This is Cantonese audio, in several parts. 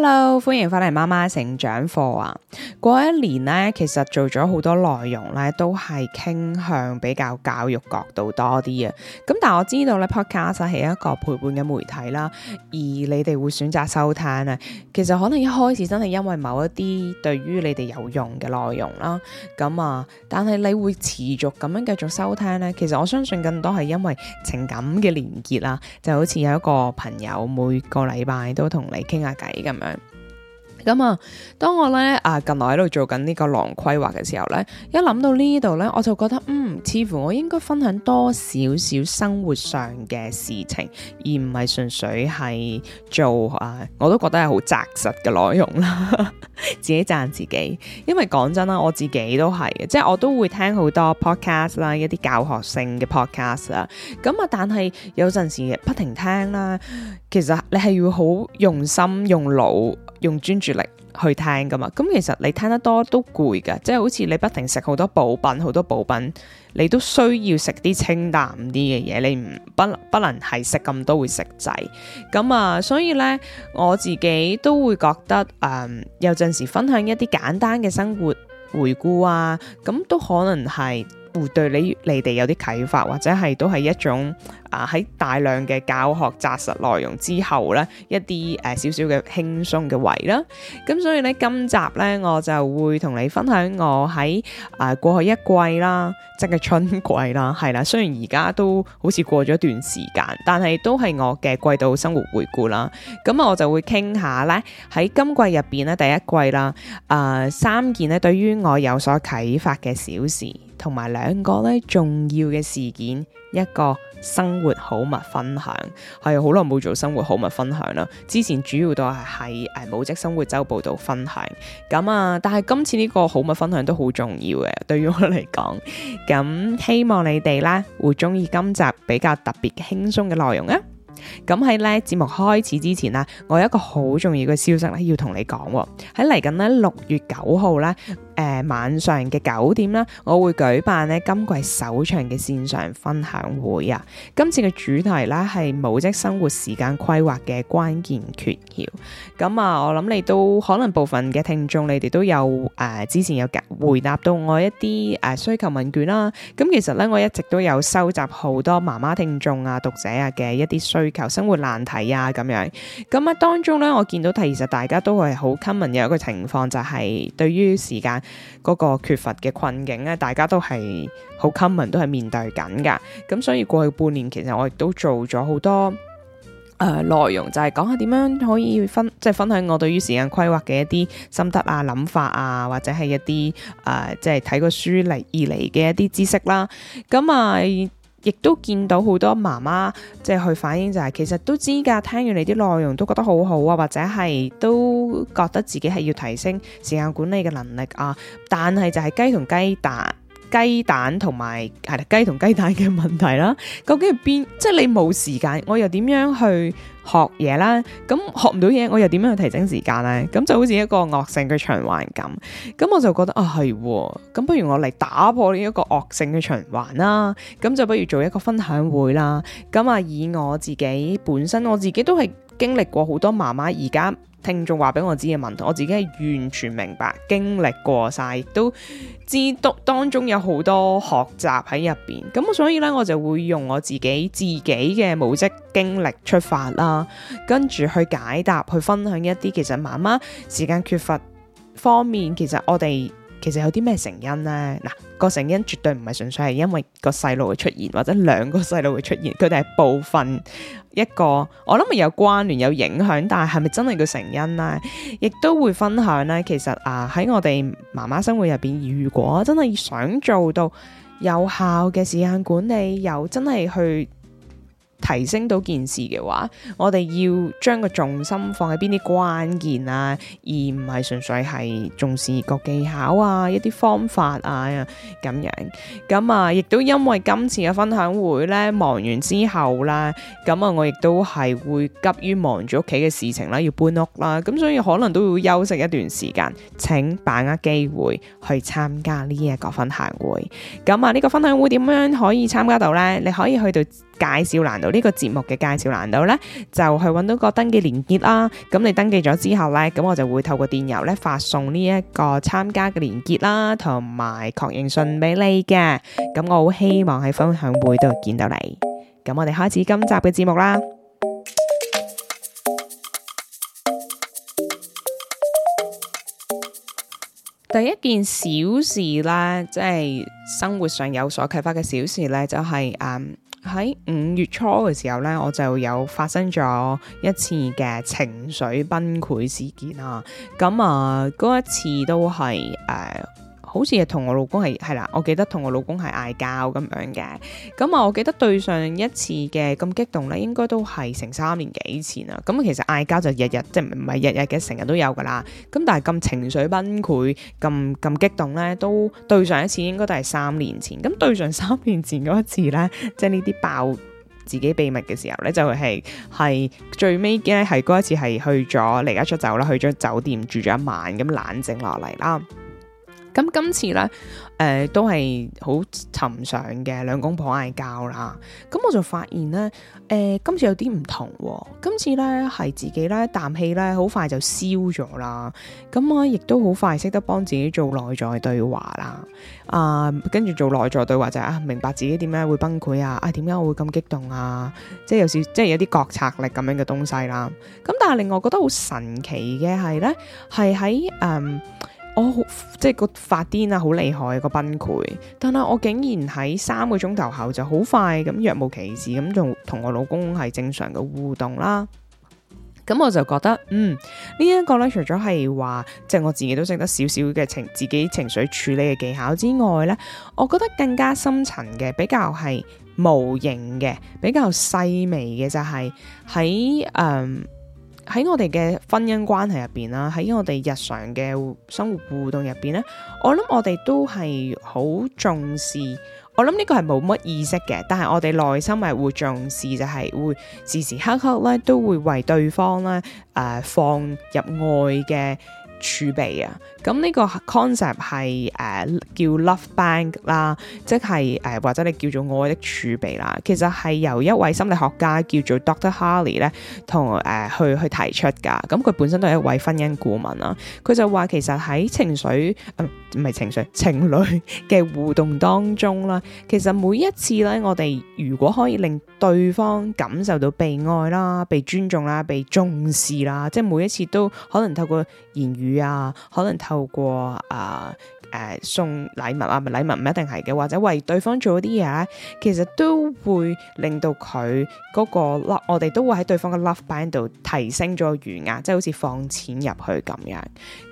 Hello，歡迎翻嚟媽媽成長課啊！過一年咧，其實做咗好多內容咧，都係傾向比較教育角度多啲啊。咁但係我知道咧，Podcast 係一個陪伴嘅媒體啦，而你哋會選擇收聽啊，其實可能一開始真係因為某一啲對於你哋有用嘅內容啦。咁啊，但係你會持續咁樣繼續收聽咧，其實我相信更多係因為情感嘅連結啦，就好似有一個朋友每個禮拜都同你傾下偈咁樣。咁啊、嗯，當我咧啊，近來喺度做緊呢個狼規劃嘅時候咧，一諗到呢度咧，我就覺得嗯，似乎我應該分享多少少生活上嘅事情，而唔係純粹係做啊。我都覺得係好扎實嘅內容啦， 自己讚自己。因為講真啦，我自己都係嘅，即係我都會聽好多 podcast 啦，一啲教學性嘅 podcast 啦。咁啊，但係有陣時不停聽啦，其實你係要好用心用腦。用專注力去聽㗎嘛，咁其實你聽得多都攰㗎，即係好似你不停食好多補品，好多補品，你都需要食啲清淡啲嘅嘢，你唔不不能係食咁多會食滯，咁、嗯、啊，所以呢，我自己都會覺得，誒、嗯、有陣時分享一啲簡單嘅生活回顧啊，咁、嗯、都可能係會對你你哋有啲啟發，或者係都係一種。啊！喺大量嘅教學紮實內容之後咧，一啲誒少少嘅輕鬆嘅位啦。咁、嗯、所以咧，今集咧我就會同你分享我喺啊、呃、過去一季啦，即係春季啦，係啦。雖然而家都好似過咗一段時間，但係都係我嘅季度生活回顧啦。咁、嗯、啊，我就會傾下咧喺今季入邊咧第一季啦。啊、呃，三件咧對於我有所啟發嘅小事，同埋兩個咧重要嘅事件，一個。生活好物分享係好耐冇做生活好物分享啦，之前主要都係喺誒母職生活周報度分享，咁啊，但係今次呢個好物分享都好重要嘅，對於我嚟講，咁希望你哋呢會中意今集比較特別輕鬆嘅內容啊！咁喺呢節目開始之前啊，我有一個好重要嘅消息咧要同你講喎、啊，喺嚟緊呢六月九號呢，誒、呃、晚上嘅九點啦，我會舉辦呢今季首場嘅線上分享會啊！今次嘅主題呢係母職生活時間規劃嘅關鍵訣竅。咁、嗯、啊，我諗你都可能部分嘅聽眾，你哋都有誒、呃、之前有回答到我一啲誒、呃、需求問卷啦。咁、嗯、其實呢，我一直都有收集好多媽媽聽眾啊、讀者啊嘅一啲需求、生活難題啊咁樣。咁、嗯、啊，當中呢，我見到，其實大家都係好 common 有一個情況，就係、是、對於時間。嗰個缺乏嘅困境咧，大家都係好 common，都係面對緊噶。咁所以過去半年，其實我亦都做咗好多誒、呃、內容，就係講下點樣可以分，即係分享我對於時間規劃嘅一啲心得啊、諗法啊，或者係一啲誒，即係睇過書嚟而嚟嘅一啲知識啦。咁啊。亦都見到好多媽媽即係去反映就係、是、其實都知㗎，聽完你啲內容都覺得好好啊，或者係都覺得自己係要提升時間管理嘅能力啊，但係就係雞同雞蛋。雞蛋同埋係啦，雞同雞蛋嘅問題啦，究竟係邊？即係你冇時間，我又點樣去學嘢啦？咁學唔到嘢，我又點樣去提升時間咧？咁就好似一個惡性嘅循環咁。咁我就覺得啊，係咁，不如我嚟打破呢一個惡性嘅循環啦。咁就不如做一個分享會啦。咁啊，以我自己本身，我自己都係經歷過好多媽媽而家。聽眾話俾我知嘅問題，我自己係完全明白，經歷過晒，都知，都當中有好多學習喺入邊。咁所以呢，我就會用我自己自己嘅母職經歷出發啦，跟住去解答，去分享一啲其實媽媽時間缺乏方面，其實我哋。其實有啲咩成因呢？嗱、那，個成因絕對唔係純粹係因為個細路嘅出現，或者兩個細路嘅出現，佢哋係部分一個，我諗係有關聯、有影響，但係係咪真係個成因呢？亦都會分享呢。其實啊，喺我哋媽媽生活入邊，如果真係想做到有效嘅時間管理，又真係去。提升到件事嘅話，我哋要將個重心放喺邊啲關鍵啊，而唔係純粹係重視個技巧啊，一啲方法啊咁樣咁啊。亦都因為今次嘅分享會咧，忙完之後啦，咁啊，我亦都係會急於忙住屋企嘅事情啦，要搬屋啦，咁所以可能都會休息一段時間，請把握機會去參加呢一個分享會。咁啊，呢個分享會點樣可以參加到咧？你可以去到。介紹難度呢個節目嘅介紹難度呢，就係揾到個登記連結啦。咁你登記咗之後呢，咁我就會透過電郵呢發送呢一個參加嘅連結啦，同埋確認信俾你嘅。咁我好希望喺分享會度見到你。咁我哋開始今集嘅節目啦。第一件小事呢，即係生活上有所啟發嘅小事呢，就係嗯。喺五月初嘅時候呢，我就有發生咗一次嘅情緒崩潰事件啊！咁啊，嗰一次都係誒。好似係同我老公係係啦，我記得同我老公係嗌交咁樣嘅，咁啊我記得對上一次嘅咁激動呢，應該都係成三年幾前啦。咁其實嗌交就日日即係唔係日日嘅，成日都有噶啦。咁但係咁情緒崩潰咁咁激動呢，都對上一次應該都係三年前。咁對上三年前嗰一次呢，即係呢啲爆自己秘密嘅時候呢，就係、係、係最尾嘅係嗰一次係去咗離家出走啦，去咗酒店住咗一晚，咁冷靜落嚟啦。咁今次咧，誒、呃、都係好尋常嘅兩公婆嗌交啦。咁我就發現咧，誒、呃、今次有啲唔同、哦。今次咧係自己咧啖氣咧，好快就消咗啦。咁我、啊、亦都好快識得幫自己做內在對話啦。啊，跟住做內在對話就係啊，明白自己點解會崩潰啊，啊點解我會咁激動啊？即係有時即係有啲覺察力咁樣嘅東西啦。咁但係另外我覺得好神奇嘅係咧，係喺誒。嗯我好，即係個發癲啊，好厲害，啊個崩潰，但係我竟然喺三個鐘頭後就好快咁若無其事咁仲同我老公係正常嘅互動啦，咁我就覺得嗯，這個，呢一個咧，除咗係話即係我自己都識得少少嘅情自己情緒處理嘅技巧之外咧，我覺得更加深層嘅比較係無形嘅比較細微嘅就係喺誒。嗯喺我哋嘅婚姻關係入邊啦，喺我哋日常嘅生活互動入邊咧，我諗我哋都係好重視，我諗呢個係冇乜意識嘅，但係我哋內心係會重視，就係會時時刻刻咧都會為對方咧誒、呃、放入愛嘅儲備啊。咁呢個 concept 係誒叫 Love Bank 啦，即係誒、呃、或者你叫做愛的儲備啦。其實係由一位心理學家叫做 Dr. Harley 咧同誒去去提出㗎。咁、嗯、佢本身都係一位婚姻顧問啦。佢就話其實喺情緒唔係、呃、情緒情侶嘅互動當中啦，其實每一次咧，我哋如果可以令對方感受到被愛啦、被尊重啦、被重視啦，即係每一次都可能透過言語啊，可能透過誒誒、呃呃、送禮物啊，禮、嗯、禮物唔一定係嘅，或者為對方做啲嘢、啊，其實都會令到佢嗰、嗰個我哋都會喺對方嘅 love band 度提升咗餘額，即係好似放錢入去咁樣。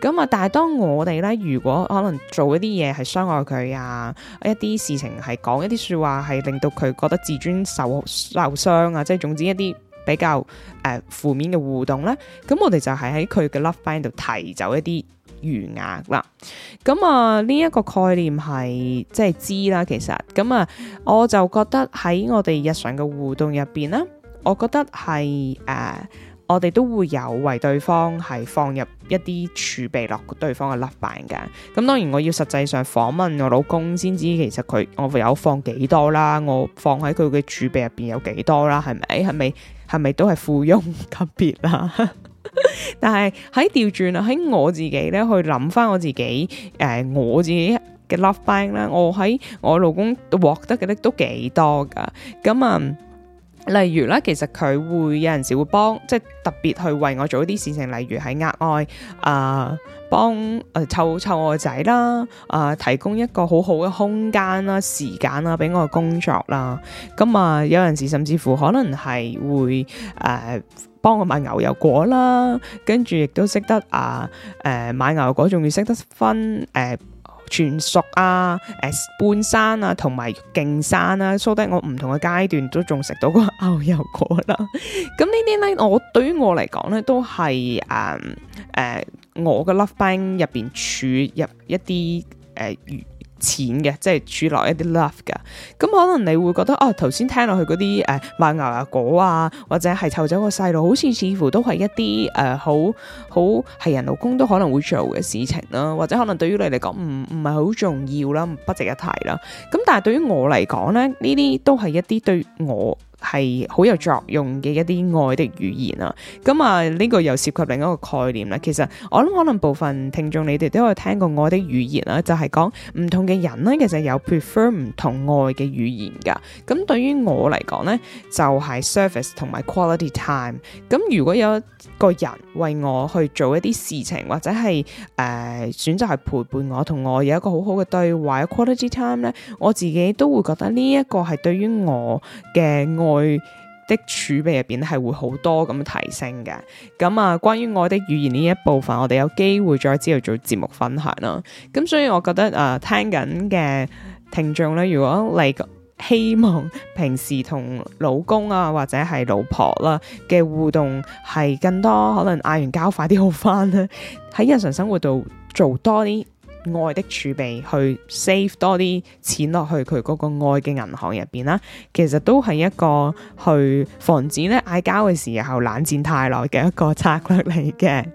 咁啊，但係當我哋咧，如果可能做一啲嘢係傷害佢啊，一啲事情係講一啲說話係令到佢覺得自尊受受傷啊，即係總之一啲比較誒、呃、負面嘅互動咧，咁我哋就係喺佢嘅 love band 度提走一啲。餘額啦，咁啊呢一、這個概念係即係知啦，其實咁啊，我就覺得喺我哋日常嘅互動入邊咧，我覺得係誒、呃，我哋都會有為對方係放入一啲儲備落對方嘅甩板嘅。咁當然我要實際上訪問我老公先知，其實佢我有放幾多啦，我放喺佢嘅儲備入邊有幾多啦，係咪？係咪？係咪都係富翁級別啦？ 但係喺調轉啊，喺我自己咧去諗翻我自己，誒、呃，我自己嘅 love bank 啦，我喺我老公獲得嘅咧都幾多噶，咁啊、嗯，例如咧，其實佢會有陣時會幫，即係特別去為我做一啲事情，例如係額外啊。呃幫誒湊湊我個仔啦，啊、呃、提供一個好好嘅空間啦、時間啦，俾我嘅工作啦。咁啊，有陣時甚至乎可能係會誒幫、呃、我買牛油果啦，跟住亦都識得啊誒、呃、買牛油果，仲要識得分誒全、呃、熟啊、誒、呃、半生啊，同埋勁生啊。梳、啊、低我唔同嘅階段都仲食到個牛油果啦。咁呢啲咧，我對於我嚟講咧，都係誒誒。啊啊我嘅 love bank 入邊，儲入一啲誒、呃、錢嘅，即係儲落一啲 love 嘅。咁、嗯、可能你會覺得哦，頭先聽落去嗰啲誒買牛油果啊，或者係湊走個細路，好似似乎都係一啲誒、呃、好好係人老公都可能會做嘅事情啦、啊，或者可能對於你嚟講唔唔係好重要啦，不值一提啦。咁、嗯、但係對於我嚟講咧，呢啲都係一啲對我。係好有作用嘅一啲愛的語言啊，咁、嗯、啊呢、這個又涉及另一個概念啦。其實我諗可能部分聽眾你哋都有聽過愛的語言啦、啊，就係講唔同嘅人咧、啊，其實有 prefer 唔同愛嘅語言噶。咁、嗯、對於我嚟講咧，就係、是、service 同埋 quality time。咁、嗯、如果有個人為我去做一啲事情，或者係誒、呃、選擇係陪伴我，同我有一個好好嘅對話 quality time 咧，我自己都會覺得呢一個係對於我嘅愛。佢的儲備入邊係會好多咁提升嘅，咁啊，關於愛的語言呢一部分，我哋有機會再之後做節目分享啦。咁所以我覺得啊、呃，聽緊嘅聽眾咧，如果你希望平時同老公啊或者係老婆啦嘅互動係更多，可能嗌完交快啲好翻啦，喺日常生活度做多啲。愛的儲備去 save 多啲錢落去佢嗰個愛嘅銀行入邊啦，其實都係一個去防止咧，嗌交嘅時候冷戰太耐嘅一個策略嚟嘅。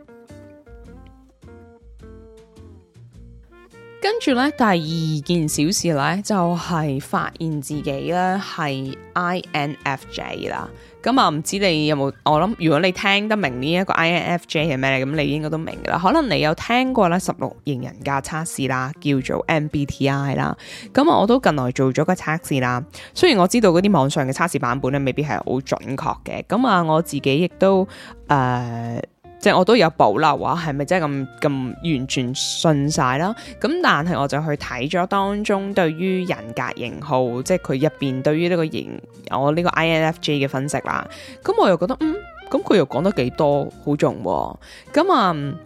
跟住呢，第二件小事呢，就係、是、發現自己呢係 INFJ 啦。咁、嗯、啊，唔知你有冇？我諗如果你聽得明呢一個 INFJ 係咩咧，咁、嗯、你應該都明噶啦。可能你有聽過咧十六型人格測試啦，叫做 MBTI 啦。咁、嗯、啊，我都近來做咗個測試啦。雖然我知道嗰啲網上嘅測試版本咧，未必係好準確嘅。咁、嗯、啊，我自己亦都誒。呃即係我都有保留話，係咪真係咁咁完全信晒啦？咁但係我就去睇咗當中對於人格型號，即係佢入邊對於呢個型，我呢個 INFJ 嘅分析啦。咁、嗯、我又覺得嗯，咁、嗯、佢又講得幾多好重喎。咁、嗯、啊～、嗯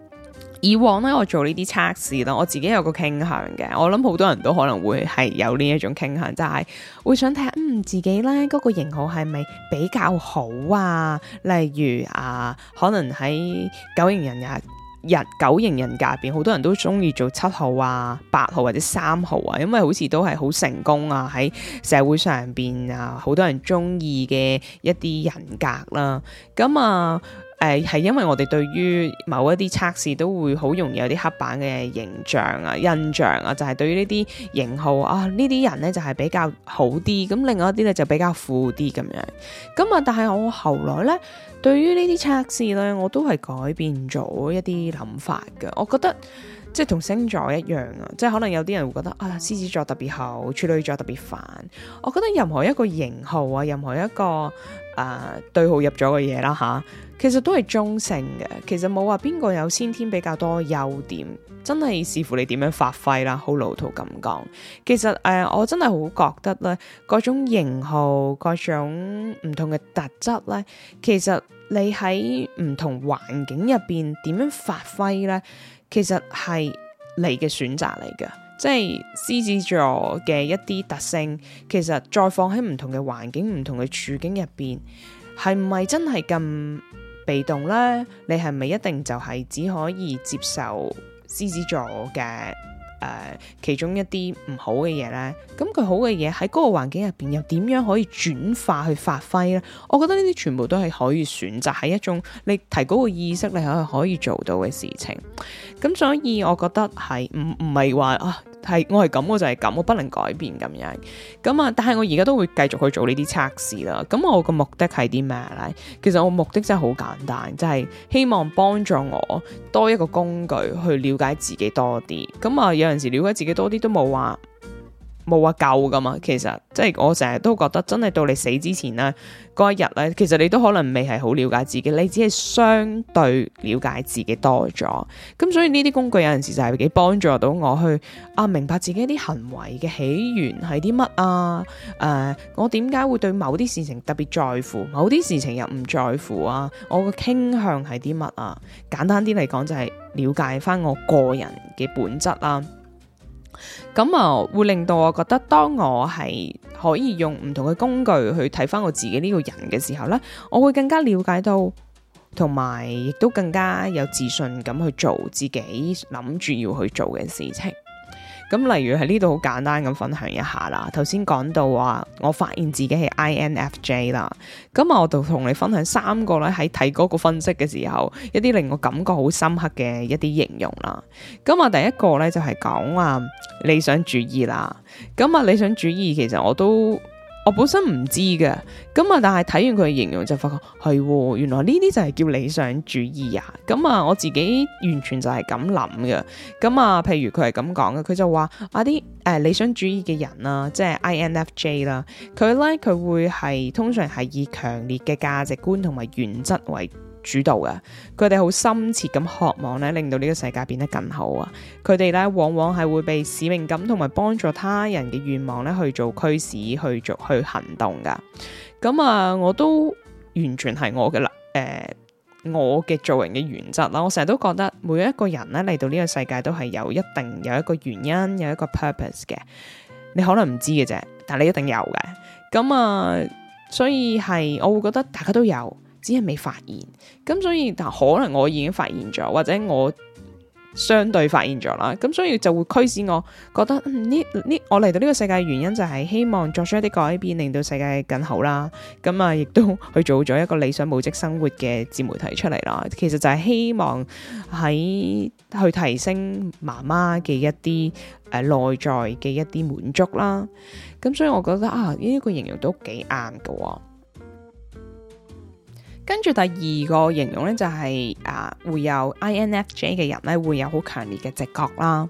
以往咧，我做呢啲測試啦，我自己有個傾向嘅。我諗好多人都可能會係有呢一種傾向，就係會想睇下嗯自己咧嗰個型號係咪比較好啊？例如啊，可能喺九型人格、日九型人格入邊，好多人都中意做七號啊、八號或者三號啊，因為好似都係好成功啊，喺社會上邊啊，好多人中意嘅一啲人格啦。咁啊～誒係、呃、因為我哋對於某一啲測試都會好容易有啲黑板嘅形象啊、印象啊，就係、是、對於呢啲型號啊，呢啲人呢，就係、是、比較好啲，咁另外一啲呢，就比較富啲咁樣。咁、嗯、啊，但係我後來呢，對於呢啲測試呢，我都係改變咗一啲諗法嘅。我覺得即係同星座一樣啊，即係可能有啲人會覺得啊，獅子座特別好，處女座特別煩。我覺得任何一個型號啊，任何一個誒、呃、對號入咗嘅嘢啦，吓。其實都係中性嘅，其實冇話邊個有先天比較多優點，真係視乎你點樣發揮啦。好老土咁講，其實誒、呃，我真係好覺得咧，各種型號、各種唔同嘅特質咧，其實你喺唔同環境入邊點樣發揮咧，其實係你嘅選擇嚟㗎。即係獅子座嘅一啲特性，其實再放喺唔同嘅環境、唔同嘅處境入邊，係咪真係咁？被動咧,你係咪一定就係只可以接受獅子座嘅誒、呃、其中一啲唔好嘅嘢咧？咁佢好嘅嘢喺嗰個環境入邊又點樣可以轉化去發揮咧？我覺得呢啲全部都係可以選擇，係一種你提高個意識，你係可以做到嘅事情。咁所以我覺得係唔唔係話啊。係，我係咁，我就係咁，我不能改變咁樣。咁啊，但係我而家都會繼續去做呢啲測試啦。咁我個目的係啲咩咧？其實我目的真係好簡單，就係希望幫助我多一個工具去了解自己多啲。咁啊，有陣時了解自己多啲都冇話冇話夠㗎嘛，其實即係我成日都覺得，真係到你死之前呢嗰一日咧，其實你都可能未係好了解自己，你只係相對了解自己多咗。咁所以呢啲工具有陣時就係幾幫助到我去啊，明白自己啲行為嘅起源係啲乜啊？誒、呃，我點解會對某啲事情特別在乎，某啲事情又唔在乎啊？我個傾向係啲乜啊？簡單啲嚟講，就係了解返我個人嘅本質啦。咁啊、嗯，會令到我覺得，當我係可以用唔同嘅工具去睇返我自己呢個人嘅時候呢，我會更加了解到，同埋亦都更加有自信咁去做自己諗住要去做嘅事情。咁例如喺呢度好簡單咁分享一下啦，頭先講到話我發現自己係 INFJ 啦，咁啊我就同你分享三個咧，喺睇嗰個分析嘅時候，一啲令我感覺好深刻嘅一啲形容啦。咁啊第一個咧就係講啊理想主義啦，咁啊理想主義其實我都。我本身唔知嘅，咁啊，但係睇完佢嘅形容就發覺係，嗯，原來呢啲就係叫理想主義啊！咁，嗯、啊，我自己完全就係咁諗嘅。咁，嗯、啊，譬如佢係咁講嘅，佢就話啊啲，誒、呃、理想主義嘅人啦，即係 INFJ 啦，佢咧，佢會係通常係以強烈嘅價值觀同埋原則為。主導嘅，佢哋好深切咁渴望咧，令到呢個世界變得更好啊！佢哋咧，往往係會被使命感同埋幫助他人嘅願望咧去做驅使，去做去行動噶。咁啊，我都完全係我嘅啦，誒、呃，我嘅做人嘅原則啦。我成日都覺得，每一個人咧嚟，到呢個世界都係有一定有一個原因，有一個 purpose 嘅。你可能唔知嘅啫，但你一定有嘅。咁啊，所以係我會覺得大家都有。只係未發現，咁所以但可能我已經發現咗，或者我相對發現咗啦，咁所以就會驅使我覺得呢呢、嗯，我嚟到呢個世界嘅原因就係希望作出一啲改變，令到世界更好啦。咁啊，亦都去做咗一個理想母職生活嘅自媒體出嚟啦。其實就係希望喺去提升媽媽嘅一啲誒內在嘅一啲滿足啦。咁、啊、所以我覺得啊，呢、這個形容都幾啱㗎。跟住第二個形容咧、就是，就係啊，會有 INFJ 嘅人咧，會有好強烈嘅直覺啦。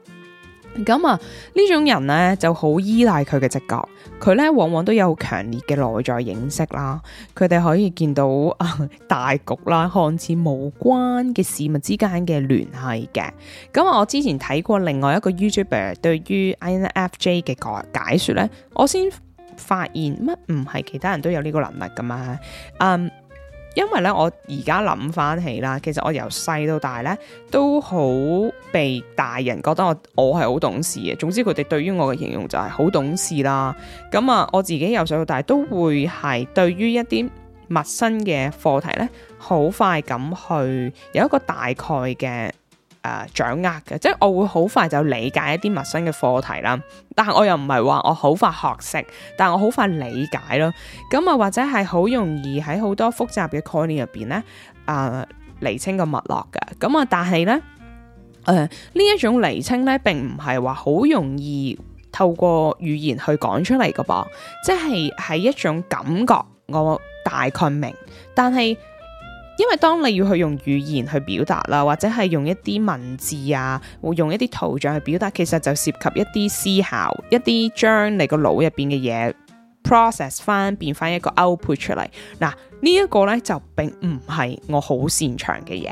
咁、嗯、啊，呢種人呢，就好依賴佢嘅直覺，佢呢，往往都有強烈嘅內在認識啦。佢哋可以見到啊大局啦，看似無關嘅事物之間嘅聯繫嘅。咁、嗯啊、我之前睇過另外一個 YouTuber 對於 INFJ 嘅解說呢，我先發現乜唔係其他人都有呢個能力噶嘛，嗯。因為咧，我而家諗翻起啦，其實我由細到大咧，都好被大人覺得我我係好懂事嘅。總之佢哋對於我嘅形容就係好懂事啦。咁、嗯、啊，我自己由細到大都會係對於一啲陌生嘅課題咧，好快咁去有一個大概嘅。誒、呃，掌握嘅，即係我會好快就理解一啲陌生嘅課題啦，但係我又唔係話我好快學識，但我好快理解咯。咁、嗯、啊，或者係好容易喺好多複雜嘅概念入邊呢，誒、釐、呃、清個脈絡噶。咁、嗯、啊，但係呢，誒、呃，呢一種釐清呢並唔係話好容易透過語言去講出嚟噶噃，即係係一種感覺，我大概明，但係。因為當你要去用語言去表達啦，或者係用一啲文字啊，或用一啲圖像去表達，其實就涉及一啲思考，一啲將你個腦入邊嘅嘢 process 翻，變翻一個 output 出嚟。嗱，呢一個呢，就並唔係我好擅長嘅嘢，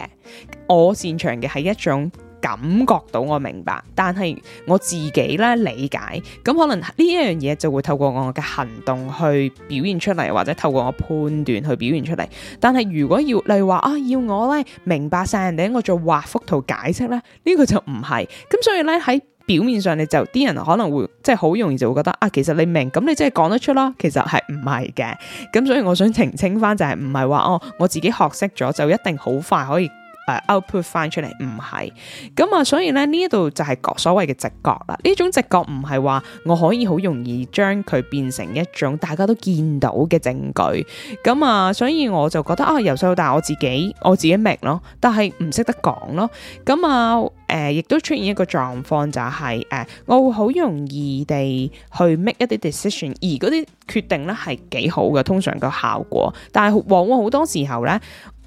我擅長嘅係一種。感覺到我明白，但係我自己咧理解，咁可能呢一樣嘢就會透過我嘅行動去表現出嚟，或者透過我判斷去表現出嚟。但係如果要例如話啊，要我咧明白晒人哋，我做畫幅圖解釋咧，呢個就唔係。咁所以咧，喺表面上你就啲人可能會即係好容易就會覺得啊，其實你明，咁你即係講得出囉。其實係唔係嘅。咁所以我想澄清翻就係唔係話哦，我自己學識咗就一定好快可以。誒、uh，output 翻出嚟唔係，咁啊，uh, 所以咧呢一度就係個所謂嘅直覺啦。呢種直覺唔係話我可以好容易將佢變成一種大家都見到嘅證據，咁啊，uh, 所以我就覺得啊，由細到大我自己我自己明咯，但係唔識得講咯。咁啊，誒、uh, 呃，亦都出現一個狀況就係、是、誒，uh, 我會好容易地去 make 一啲 decision，而嗰啲決定咧係幾好嘅，通常個效果，但係往往好多時候咧。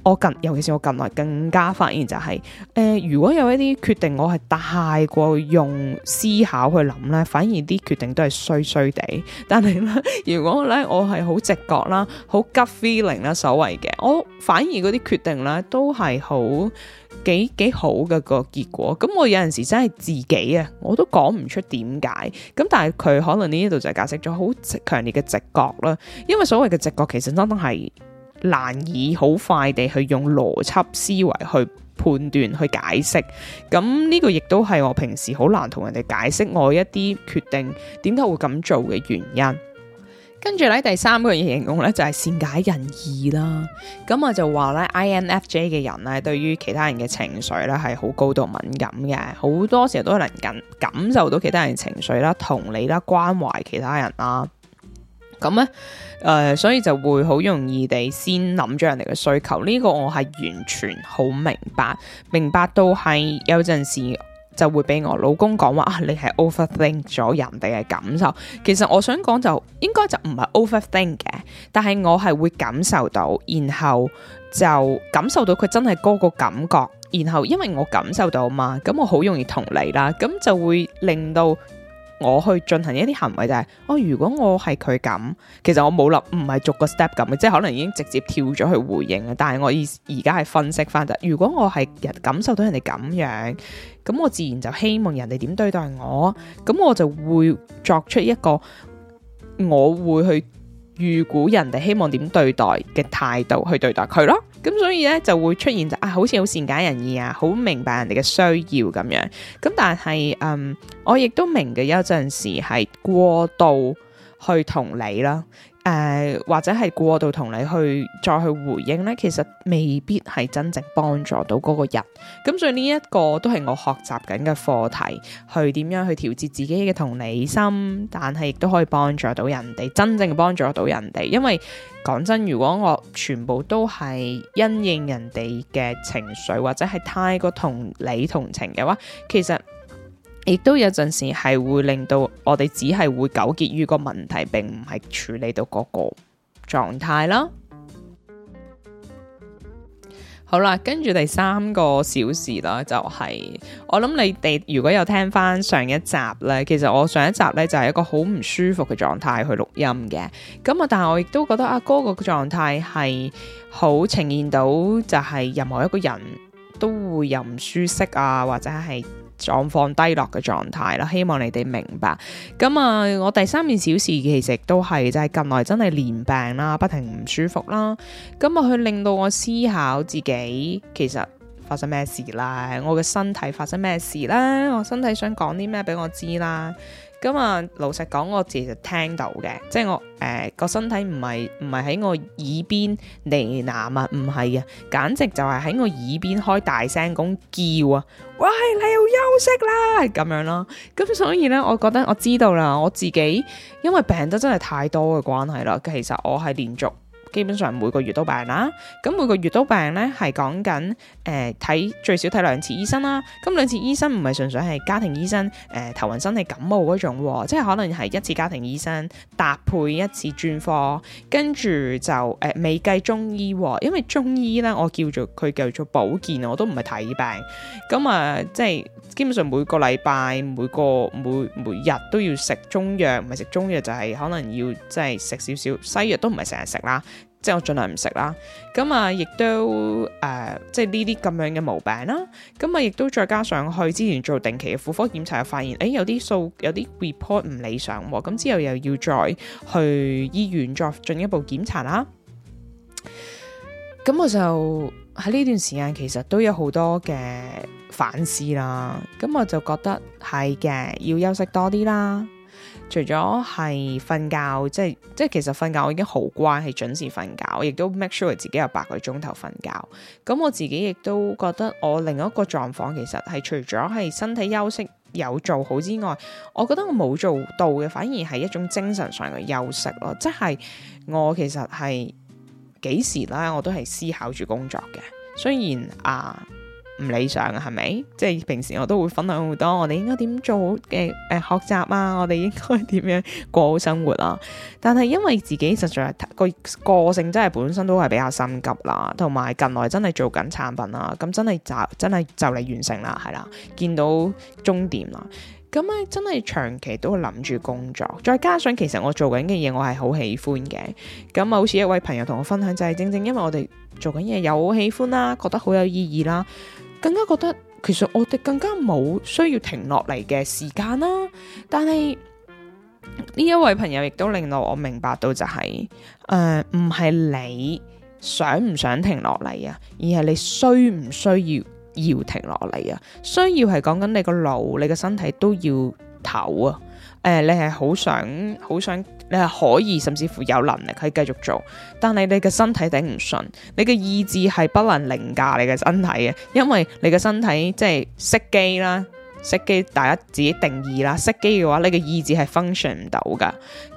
我近，尤其是我近來更加發現就係、是，誒、呃、如果有一啲決定我係太過用思考去諗咧，反而啲決定都係衰衰地。但係咧，如果咧我係好直覺啦，好急 feeling 啦，所謂嘅，我反而嗰啲決定咧都係好幾幾好嘅個結果。咁我有陣時真係自己啊，我都講唔出點解。咁但係佢可能呢一度就係解釋咗好強烈嘅直覺啦，因為所謂嘅直覺其實真係。難以好快地去用邏輯思維去判斷、去解釋，咁呢、這個亦都係我平時好難同人哋解釋我一啲決定點解會咁做嘅原因。跟住咧，第三個形容咧就係、是、善解人意啦。咁我就話咧 INFJ 嘅人咧，對於其他人嘅情緒咧係好高度敏感嘅，好多時候都能感感受到其他人情緒啦、同你啦、關懷其他人啦。咁咧，誒、呃，所以就會好容易地先諗住人哋嘅需求，呢、呢個我係完全好明白，明白到係有陣時就會俾我老公講話啊，你係 overthink 咗人哋嘅感受。其實我想講就應該就唔係 overthink 嘅，但係我係會感受到，然後就感受到佢真係嗰個感覺，然後因為我感受到嘛，咁我好容易同你啦，咁就會令到。我去進行一啲行為就係、是，我、哦、如果我係佢咁，其實我冇諗，唔係逐個 step 咁嘅，即係可能已經直接跳咗去回應嘅。但係我而而家係分析翻，就如果我係人感受到人哋咁樣，咁我自然就希望人哋點對待我，咁我就會作出一個，我會去預估人哋希望點對待嘅態度去對待佢咯。咁所以呢，就會出現就啊，好似好善解人意啊，好明白人哋嘅需要咁樣。咁、嗯、但係嗯，我亦都明嘅，有陣時係過度去同你啦。誒、uh, 或者係過度同你去再去回應呢，其實未必係真正幫助到嗰個人。咁所以呢，一個都係我學習緊嘅課題，去點樣去調節自己嘅同理心，但係亦都可以幫助到人哋，真正幫助到人哋。因為講真，如果我全部都係因應人哋嘅情緒，或者係太過同理同情嘅話，其實，亦都有陣時係會令到我哋只係會糾結於個問題，並唔係處理到嗰個狀態啦。好啦，跟住第三個小事啦，就係、是、我諗你哋如果有聽返上一集咧，其實我上一集咧就係、是、一個好唔舒服嘅狀態去錄音嘅。咁啊，但係我亦都覺得啊嗰個狀態係好呈現到就係任何一個人。都會有唔舒適啊，或者係狀況低落嘅狀態啦。希望你哋明白。咁啊，我第三件小事其實都係就係、是、近來真係連病啦，不停唔舒服啦。咁啊，去令到我思考自己其實發生咩事啦，我嘅身體發生咩事啦，我身體想講啲咩俾我知啦。咁啊、嗯，老實講，我自己聽到嘅，即係我誒個、呃、身體唔係唔係喺我耳邊呢喃啊，唔係啊，簡直就係喺我耳邊開大聲咁叫啊，喂，你要休息啦，咁樣咯。咁所以咧，我覺得我知道啦，我自己因為病得真係太多嘅關係啦，其實我係連續。基本上每個月都病啦，咁每個月都病咧，係講緊誒睇最少睇兩次醫生啦。咁兩次醫生唔係純粹係家庭醫生，誒、呃、頭暈身體感冒嗰種、啊，即係可能係一次家庭醫生搭配一次專科，跟住就誒、呃、未計中醫喎、啊，因為中醫咧我叫做佢叫做保健，我都唔係睇病。咁啊，即係基本上每個禮拜每個每每日都要食中藥，唔係食中藥就係、是、可能要即係食少少西藥都唔係成日食啦。即係我盡量唔食啦，咁啊亦都誒、呃，即係呢啲咁樣嘅毛病啦，咁啊亦都再加上去之前做定期嘅婦科檢查，又發現誒、欸、有啲數有啲 report 唔理想，哦，咁、嗯、之後又要再去醫院作進一步檢查啦。咁、嗯、我就喺呢段時間其實都有好多嘅反思啦，咁、嗯、我就覺得係嘅，要休息多啲啦。除咗係瞓覺，即係即係，其實瞓覺我已經好乖，係準時瞓覺，亦都 make sure 自己有八個鐘頭瞓覺。咁我自己亦都覺得我另一個狀況，其實係除咗係身體休息有做好之外，我覺得我冇做到嘅，反而係一種精神上嘅休息咯。即係我其實係幾時咧，我都係思考住工作嘅。雖然啊。唔理想啊，係咪？即係平時我都會分享好多我，我哋應該點做嘅？誒，學習啊，我哋應該點樣過好生活啊？但係因為自己實在係個個性，真係本身都係比較心急啦，同埋近來真係做緊產品啦，咁真係就真係就嚟完成啦，係啦，見到終點啦，咁咧真係長期都諗住工作，再加上其實我做緊嘅嘢，我係好喜歡嘅，咁好似一位朋友同我分享就係、是，正正因為我哋做緊嘢又好喜歡啦，覺得好有意義啦。更加覺得其實我哋更加冇需要停落嚟嘅時間啦、啊，但係呢一位朋友亦都令到我明白到就係、是、誒，唔、呃、係你想唔想停落嚟啊，而係你需唔需要要停落嚟啊？需要係講緊你個腦、你個身體都要唞啊！誒、呃，你係好想好想。你係可以甚至乎有能力可以繼續做，但係你嘅身體頂唔順，你嘅意志係不能凌駕你嘅身體嘅，因為你嘅身體即係熄機啦，熄機大家自己定義啦，熄機嘅話你嘅意志係 function 唔到㗎，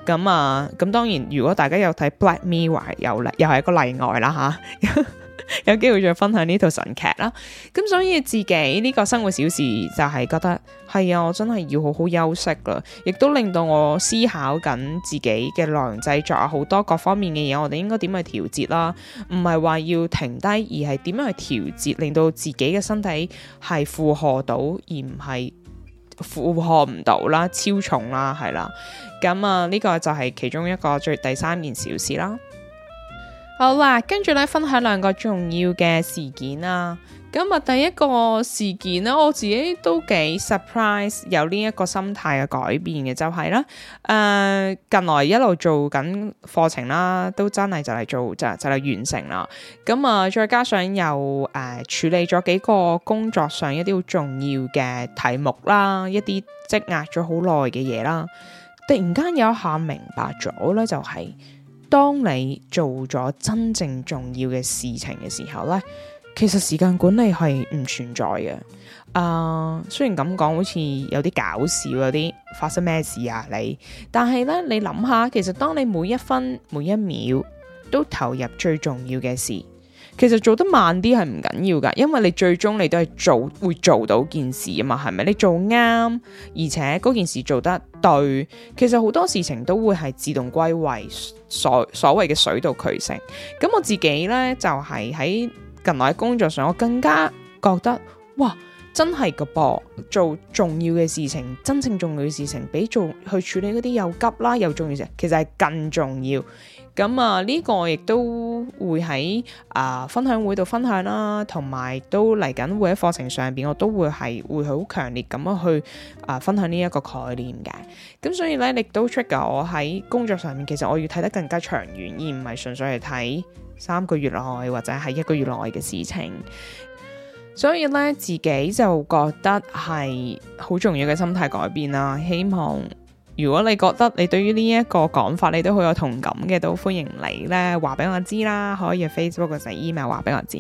咁啊，咁當然如果大家有睇 Black Mirror 又例又係一個例外啦吓。 有機會再分享呢套神劇啦，咁所以自己呢個生活小事就係覺得係啊，我真係要好好休息啦，亦都令到我思考緊自己嘅內容製作啊，好多各方面嘅嘢，我哋應該點去調節啦？唔係話要停低，而係點樣去調節，令到自己嘅身體係負荷到，而唔係負荷唔到啦，超重啦，係啦，咁啊呢、這個就係其中一個最第三件小事啦。好啦，跟住咧，分享兩個重要嘅事件啦。咁啊，第一個事件咧，我自己都幾 surprise，有呢一個心態嘅改變嘅，就係咧，誒、呃，近來一路做緊課程啦，都真係就嚟做就就嚟完成啦。咁啊，再加上又誒處理咗幾個工作上一啲好重要嘅題目啦，一啲積壓咗好耐嘅嘢啦，突然間有一下明白咗咧，就係。當你做咗真正重要嘅事情嘅時候呢，其實時間管理係唔存在嘅。啊，uh，雖然咁講好似有啲搞笑，有啲發生咩事啊你？但係呢，你諗下，其實當你每一分每一秒都投入最重要嘅事，其實做得慢啲係唔緊要噶，因為你最終你都係做會做到件事啊嘛，係咪？你做啱，而且嗰件事做得對，其實好多事情都會係自動歸位。所所謂嘅水到渠成。咁我自己呢，就係喺近來喺工作上，我更加覺得哇，真係噶噃，做重要嘅事情，真正重要嘅事情，比做去處理嗰啲又急啦又重要嘅事，其實係更重要。咁啊，呢、這個亦都會喺啊、呃、分享會度分享啦，同埋都嚟緊會喺課程上邊，我都會係會好強烈咁啊去啊、呃、分享呢一個概念嘅。咁所以咧，亦都 trigger 我喺工作上面，其實我要睇得更加長遠，而唔係純粹係睇三個月內或者係一個月內嘅事情。所以咧，自己就覺得係好重要嘅心態改變啦，希望。如果你覺得你對於呢一個講法你都好有同感嘅，都歡迎你咧話俾我知啦，可以 Facebook 或 email 話俾我知。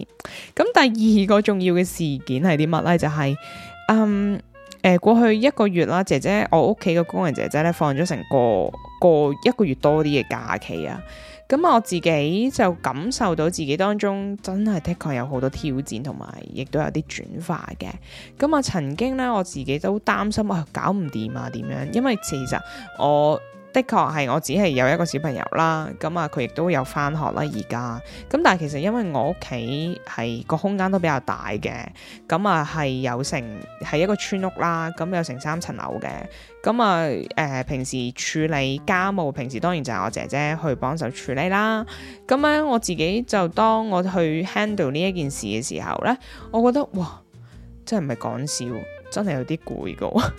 咁第二個重要嘅事件係啲乜咧？就係，嗯誒過去一個月啦，姐姐我屋企嘅工人姐姐咧放咗成個個一個月多啲嘅假期啊。咁我自己就感受到自己當中真係的確有好多挑戰，同埋亦都有啲轉化嘅。咁我曾經咧，我自己都擔心、哎、啊，搞唔掂啊，點樣？因為其實我。的確係我只係有一個小朋友啦，咁啊佢亦都有返學啦，而家，咁但係其實因為我屋企係個空間都比較大嘅，咁啊係有成係一個村屋啦，咁有成三層樓嘅，咁啊誒、呃、平時處理家務，平時當然就係我姐姐去幫手處理啦，咁咧我自己就當我去 handle 呢一件事嘅時候咧，我覺得哇，真係唔係講笑，真係有啲攰㗎喎。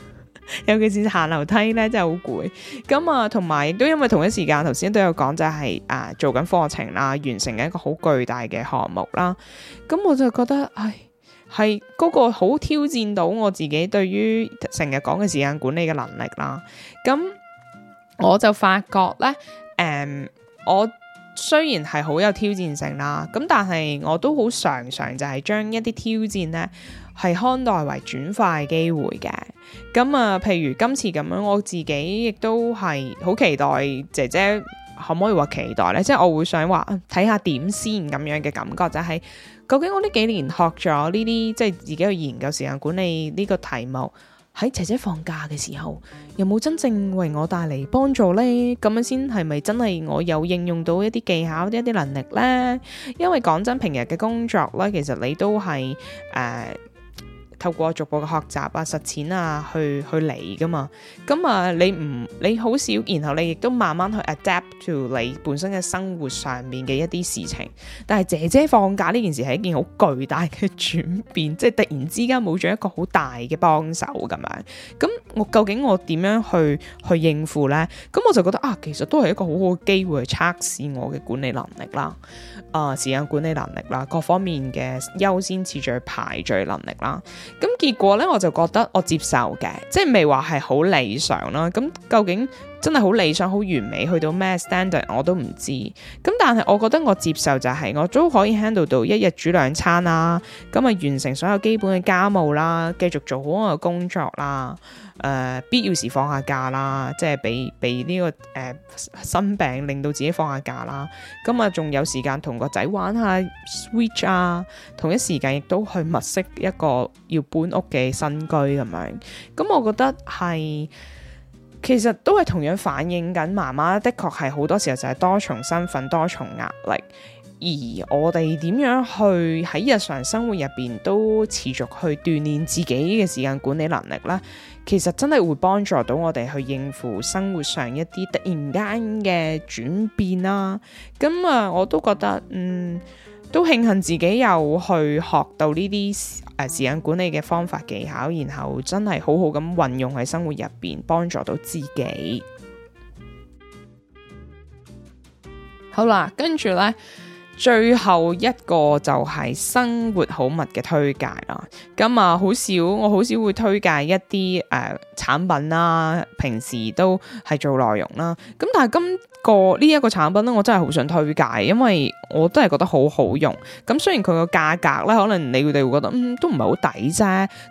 尤其是行樓梯咧真係好攰，咁啊，同埋亦都因為同一時間，頭先都有講就係、是、啊、呃、做緊課程啦，完成一個好巨大嘅項目啦，咁我就覺得，唉，係嗰個好挑戰到我自己對於成日講嘅時間管理嘅能力啦，咁、嗯、我就發覺咧，誒、嗯，我雖然係好有挑戰性啦，咁但係我都好常常就係將一啲挑戰咧。係看待為轉化嘅機會嘅，咁啊、呃，譬如今次咁樣，我自己亦都係好期待姐姐可唔可以話期待呢？即係我會想話睇下點先咁樣嘅感覺，就係、是、究竟我呢幾年學咗呢啲，即係自己去研究時間管理呢個題目，喺姐姐放假嘅時候，有冇真正為我帶嚟幫助呢？咁樣先係咪真係我有應用到一啲技巧、一啲能力呢？因為講真，平日嘅工作呢，其實你都係誒。呃透過逐步嘅學習啊、實踐啊，去去嚟㗎嘛。咁啊，你唔你好少，然後你亦都慢慢去 adapt to 你本身嘅生活上面嘅一啲事情。但係姐姐放假呢件事係一件好巨大嘅轉變，即係突然之間冇咗一個好大嘅幫手咁樣。咁我究竟我點樣去去應付呢？咁我就覺得啊，其實都係一個好好機會去測試我嘅管理能力啦、啊、呃、時間管理能力啦、各方面嘅優先次序排序能力啦。咁結果咧，我就覺得我接受嘅，即係未話係好理想啦。咁究竟真係好理想、好完美去到咩 standard 我都唔知。咁但係我覺得我接受就係、是、我都可以 handle 到一日煮兩餐啦，咁啊完成所有基本嘅家務啦，繼續做好我嘅工作啦。誒、呃、必要時放下假啦，即係俾俾呢個誒生、呃、病令到自己放下假啦，咁啊仲有時間同個仔玩下 Switch 啊，同一時間亦都去物色一個要搬屋嘅新居咁樣，咁、嗯、我覺得係其實都係同樣反映緊媽媽的確係好多時候就係多重身份、多重壓力。而我哋點樣去喺日常生活入邊都持續去鍛煉自己嘅時間管理能力呢，其實真係會幫助到我哋去應付生活上一啲突然間嘅轉變啦。咁啊，我都覺得嗯，都慶幸自己又去學到呢啲誒時間管理嘅方法技巧，然後真係好好咁運用喺生活入邊，幫助到自己。好啦，跟住呢。最後一個就係生活好物嘅推介啦，咁啊好少，我好少會推介一啲誒、呃、產品啦，平時都係做內容啦，咁但係、呢、今個呢一、呢個產品咧，我真係好想推介，因為我都係覺得好好用，咁雖然佢個價格咧，可能你哋會覺得嗯都唔係好抵啫，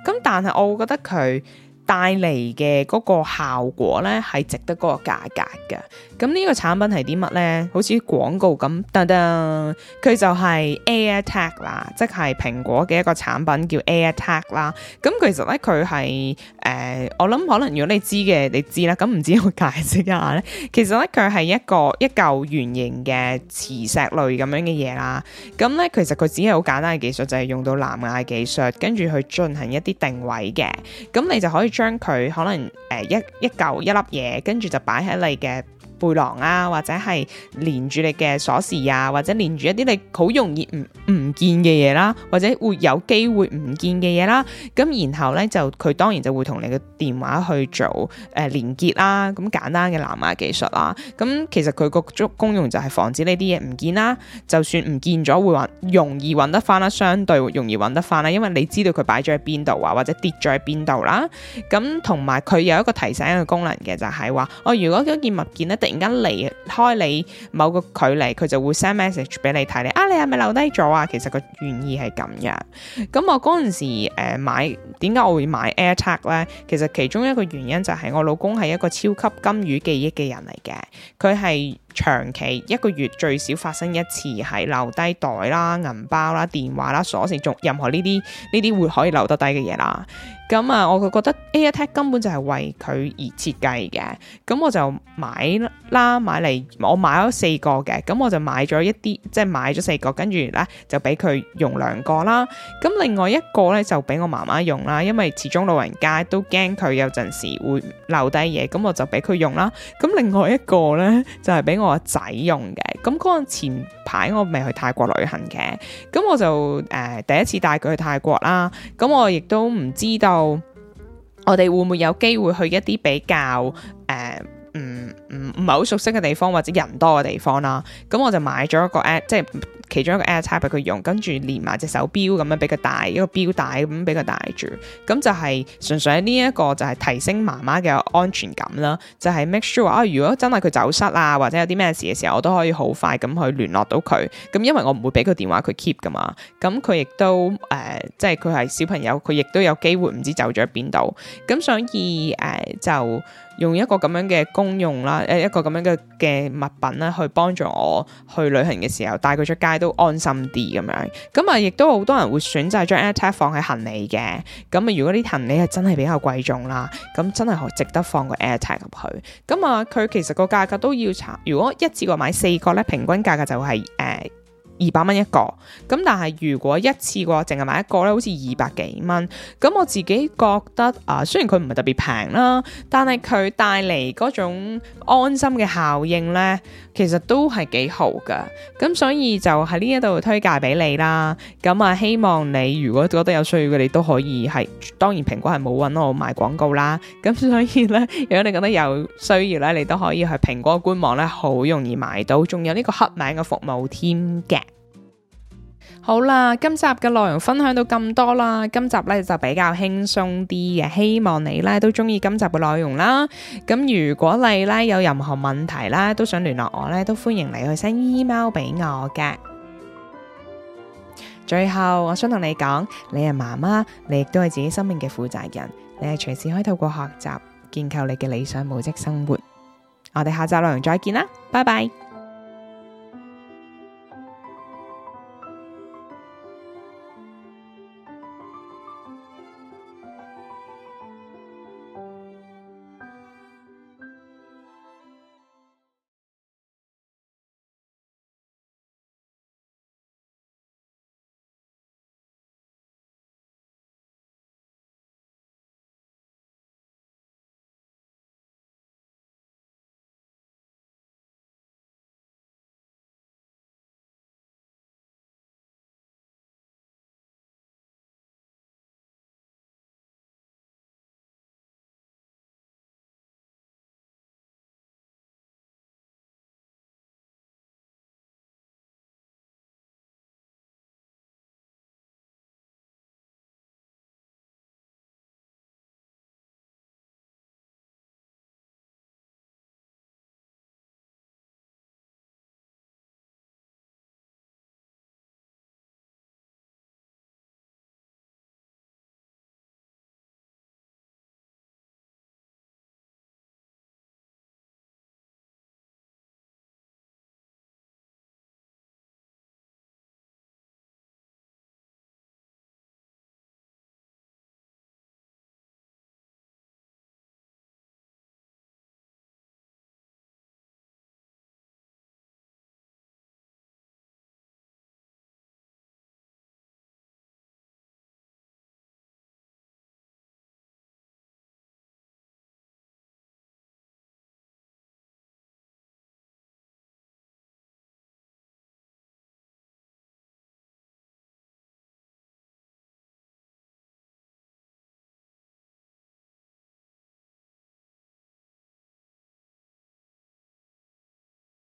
咁但係我覺得佢，帶嚟嘅嗰個效果咧係值得嗰個價格嘅。咁呢個產品係啲乜咧？好似廣告咁，嗒嗒，佢就係 AirTag 啦，即係蘋果嘅一個產品叫 AirTag 啦。咁其實咧佢係誒，我諗可能如果你知嘅，你知啦。咁唔知我解釋一下咧。其實咧佢係一個一嚿圓形嘅磁石類咁樣嘅嘢啦。咁咧其實佢只係好簡單嘅技術，就係用到藍牙技術，跟住去進行一啲定位嘅。咁你就可以。將佢可能誒、呃、一一舊一粒嘢，跟住就擺喺嚟嘅。背囊啊，或者係連住你嘅鎖匙啊，或者連住一啲你好容易唔唔見嘅嘢啦，或者會有機會唔見嘅嘢啦。咁然後呢，就佢當然就會同你嘅電話去做誒、呃、連結啦，咁簡單嘅藍牙技術啦。咁其實佢個足功用就係防止呢啲嘢唔見啦，就算唔見咗會話容易揾得翻啦，相對容易揾得翻啦，因為你知道佢擺咗喺邊度啊，或者跌咗喺邊度啦。咁同埋佢有一個提醒嘅功能嘅，就係話哦如果嗰件物件咧突突然間離開你某個距離，佢就會 send message 俾你睇你啊，你係咪留低咗啊？其實個原意係咁樣。咁我嗰陣時誒、呃、買，點解我會買 AirTag 咧？其實其中一個原因就係我老公係一個超級金魚記憶嘅人嚟嘅，佢係。長期一個月最少發生一次，係留低袋啦、銀包啦、電話啦、鎖匙仲，任何呢啲呢啲會可以留得低嘅嘢啦。咁啊，我就覺得 AirTag 根本就係為佢而設計嘅。咁我就買啦，買嚟我買咗四個嘅。咁我就買咗一啲，即係買咗四個，跟住咧就俾佢用兩個啦。咁另外一個咧就俾我媽媽用啦，因為始終老人家都驚佢有陣時會留低嘢，咁我就俾佢用啦。咁另外一個咧就係俾我仔用嘅，咁嗰、嗰個前排我未去泰國旅行嘅，咁我就誒、呃、第一次帶佢去泰國啦，咁我亦都唔知道我哋會唔會有機會去一啲比較誒，唔唔唔係好熟悉嘅地方或者人多嘅地方啦，咁我就買咗一個 app，即係。其中一個 AirTag 俾佢用，跟住連埋隻手錶咁樣俾佢戴，一個錶帶咁俾佢戴住，咁就係純粹呢一個就係提升媽媽嘅安全感啦。就係、是、make sure 啊，如果真係佢走失啊，或者有啲咩事嘅時候，我都可以好快咁去聯絡到佢。咁因為我唔會俾佢電話佢 keep 噶嘛，咁佢亦都誒，即係佢係小朋友，佢亦都有機會唔知走咗喺邊度。咁所以誒、呃，就用一個咁樣嘅功用啦，誒、呃、一個咁樣嘅嘅物品啦，去幫助我去旅行嘅時候帶佢出街。都安心啲咁樣，咁、嗯、啊，亦都好多人會選擇將 AirTag 放喺行李嘅。咁、嗯、啊，如果啲行李係真係比較貴重啦，咁真係好值得放個 AirTag 入去。咁、嗯、啊，佢、嗯、其實個價格都要查，如果一次過買四個咧，平均價格就係、是、誒。呃二百蚊一個，咁但係如果一次過，淨係買一個咧，好似二百幾蚊。咁我自己覺得啊，雖然佢唔係特別平啦，但係佢帶嚟嗰種安心嘅效應呢，其實都係幾好噶。咁所以就喺呢一度推介俾你啦。咁啊，希望你如果覺得有需要嘅，你都可以係，當然蘋果係冇搵我賣廣告啦。咁所以呢，如果你覺得有需要呢，你都可以去蘋果官網呢，好容易買到，仲有呢個黑名嘅服務添嘅。好啦，今集嘅內容分享到咁多啦，今集呢就比較輕鬆啲嘅，希望你呢都中意今集嘅內容啦。咁如果你呢有任何問題啦，都想聯絡我呢，都歡迎你去 send email 俾我嘅。最後，我想同你講，你係媽媽，你亦都係自己生命嘅負責人，你係隨時可以透過學習建構你嘅理想母職生活。我哋下集內容再見啦，拜拜。